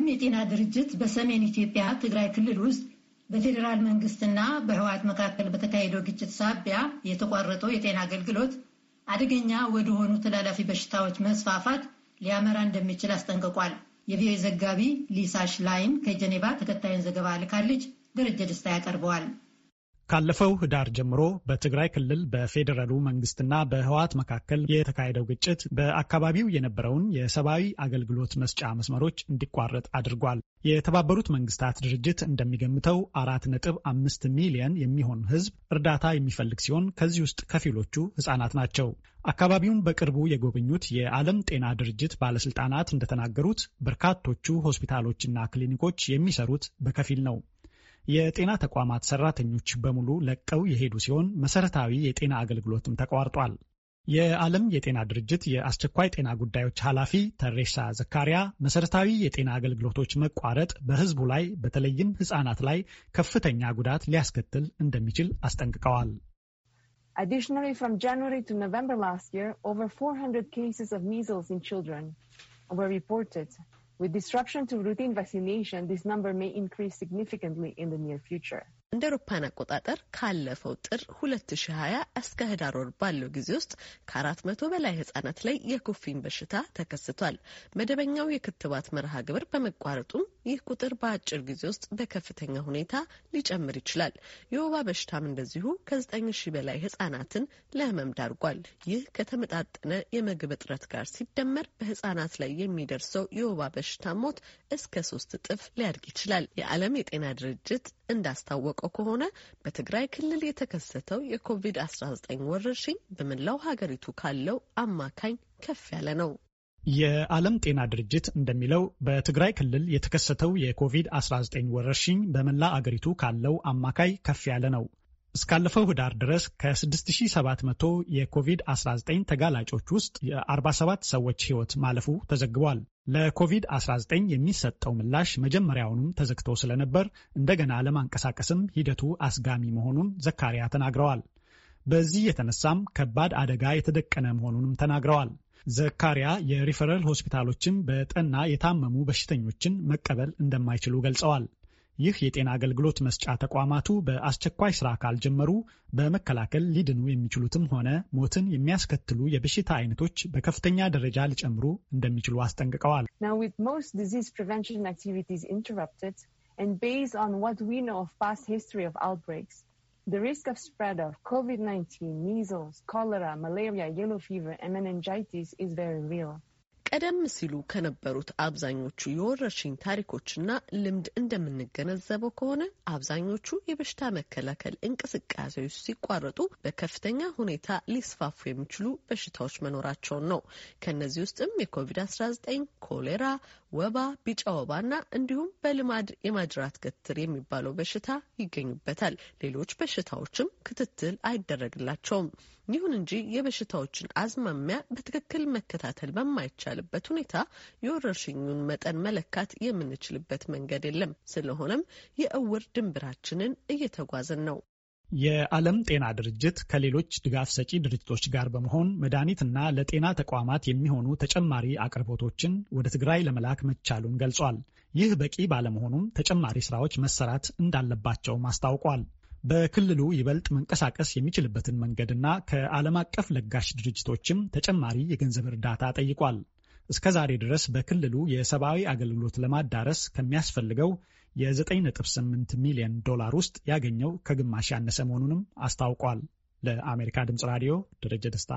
የዓለም የጤና ድርጅት በሰሜን ኢትዮጵያ ትግራይ ክልል ውስጥ በፌዴራል መንግስትና በህወሓት መካከል በተካሄደው ግጭት ሳቢያ የተቋረጠው የጤና አገልግሎት አደገኛ ወደሆኑ ተላላፊ በሽታዎች መስፋፋት ሊያመራ እንደሚችል አስጠንቅቋል። የቪኦኤ ዘጋቢ ሊሳሽ ላይን ከጀኔቫ ተከታዩን ዘገባ ልካለች። ደረጀ ደስታ ያቀርበዋል። ካለፈው ህዳር ጀምሮ በትግራይ ክልል በፌዴራሉ መንግስትና በህወሓት መካከል የተካሄደው ግጭት በአካባቢው የነበረውን የሰብአዊ አገልግሎት መስጫ መስመሮች እንዲቋረጥ አድርጓል። የተባበሩት መንግስታት ድርጅት እንደሚገምተው አራት ነጥብ አምስት ሚሊየን የሚሆን ህዝብ እርዳታ የሚፈልግ ሲሆን ከዚህ ውስጥ ከፊሎቹ ህጻናት ናቸው። አካባቢውን በቅርቡ የጎበኙት የዓለም ጤና ድርጅት ባለስልጣናት እንደተናገሩት በርካቶቹ ሆስፒታሎችና ክሊኒኮች የሚሰሩት በከፊል ነው። የጤና ተቋማት ሰራተኞች በሙሉ ለቀው የሄዱ ሲሆን መሰረታዊ የጤና አገልግሎትም ተቋርጧል። የዓለም የጤና ድርጅት የአስቸኳይ ጤና ጉዳዮች ኃላፊ ተሬሳ ዘካሪያ መሰረታዊ የጤና አገልግሎቶች መቋረጥ በሕዝቡ ላይ በተለይም ሕፃናት ላይ ከፍተኛ ጉዳት ሊያስከትል እንደሚችል አስጠንቅቀዋል። Additionally, from January to November last year, over 400 cases of measles in children were reported. With disruption to routine vaccination, this number may increase significantly in the near future. እንደ አውሮፓን አቆጣጠር ካለፈው ጥር 2020 እስከ ህዳር ወር ባለው ጊዜ ውስጥ ከአራት መቶ በላይ ህጻናት ላይ የኩፍኝ በሽታ ተከስቷል። መደበኛው የክትባት መርሃ ግብር በመቋረጡም ይህ ቁጥር በአጭር ጊዜ ውስጥ በከፍተኛ ሁኔታ ሊጨምር ይችላል። የወባ በሽታም እንደዚሁ ከ ሺህ በላይ ህጻናትን ለህመም ዳርጓል። ይህ ከተመጣጠነ የምግብ እጥረት ጋር ሲደመር በህጻናት ላይ የሚደርሰው የወባ በሽታ ሞት እስከ ሶስት እጥፍ ሊያድግ ይችላል። የዓለም የጤና ድርጅት እንዳስታወቀ እንደምናውቀው ከሆነ በትግራይ ክልል የተከሰተው የኮቪድ-19 ወረርሽኝ በመላው ሀገሪቱ ካለው አማካኝ ከፍ ያለ ነው። የዓለም ጤና ድርጅት እንደሚለው በትግራይ ክልል የተከሰተው የኮቪድ-19 ወረርሽኝ በመላ አገሪቱ ካለው አማካይ ከፍ ያለ ነው። እስካለፈው ህዳር ድረስ ከ6700 የኮቪድ-19 ተጋላጮች ውስጥ የ47 ሰዎች ሕይወት ማለፉ ተዘግቧል። ለኮቪድ-19 የሚሰጠው ምላሽ መጀመሪያውንም ተዘግቶ ስለነበር እንደገና ለማንቀሳቀስም ሂደቱ አስጋሚ መሆኑን ዘካሪያ ተናግረዋል። በዚህ የተነሳም ከባድ አደጋ የተደቀነ መሆኑንም ተናግረዋል። ዘካሪያ የሪፈረል ሆስፒታሎችን በጠና የታመሙ በሽተኞችን መቀበል እንደማይችሉ ገልጸዋል። ይህ የጤና አገልግሎት መስጫ ተቋማቱ በአስቸኳይ ስራ ካልጀመሩ በመከላከል ሊድኑ የሚችሉትም ሆነ ሞትን የሚያስከትሉ የበሽታ አይነቶች በከፍተኛ ደረጃ ሊጨምሩ እንደሚችሉ አስጠንቅቀዋል። The risk of spread of COVID-19, measles, cholera, malaria, yellow fever, and meningitis is very real. ቀደም ሲሉ ከነበሩት አብዛኞቹ የወረርሽኝ ታሪኮችና ልምድ እንደምንገነዘበው ከሆነ አብዛኞቹ የበሽታ መከላከል እንቅስቃሴዎች ሲቋረጡ በከፍተኛ ሁኔታ ሊስፋፉ የሚችሉ በሽታዎች መኖራቸውን ነው። ከእነዚህ ውስጥም የኮቪድ-19፣ ኮሌራ፣ ወባ፣ ቢጫ ወባና እንዲሁም በልማድ የማጅራት ገትር የሚባለው በሽታ ይገኙበታል። ሌሎች በሽታዎችም ክትትል አይደረግላቸውም። ይሁን እንጂ የበሽታዎችን አዝማሚያ በትክክል መከታተል በማይቻል በሚቻልበት ሁኔታ የወረርሽኙን መጠን መለካት የምንችልበት መንገድ የለም። ስለሆነም የእውር ድንብራችንን እየተጓዝን ነው። የዓለም ጤና ድርጅት ከሌሎች ድጋፍ ሰጪ ድርጅቶች ጋር በመሆን መድኃኒትና ለጤና ተቋማት የሚሆኑ ተጨማሪ አቅርቦቶችን ወደ ትግራይ ለመላክ መቻሉን ገልጿል። ይህ በቂ ባለመሆኑም ተጨማሪ ስራዎች መሰራት እንዳለባቸውም አስታውቋል። በክልሉ ይበልጥ መንቀሳቀስ የሚችልበትን መንገድና ከዓለም አቀፍ ለጋሽ ድርጅቶችም ተጨማሪ የገንዘብ እርዳታ ጠይቋል። እስከ ዛሬ ድረስ በክልሉ የሰብአዊ አገልግሎት ለማዳረስ ከሚያስፈልገው የ9.8 ሚሊዮን ዶላር ውስጥ ያገኘው ከግማሽ ያነሰ መሆኑንም አስታውቋል። ለአሜሪካ ድምፅ ራዲዮ ደረጀ ደስታ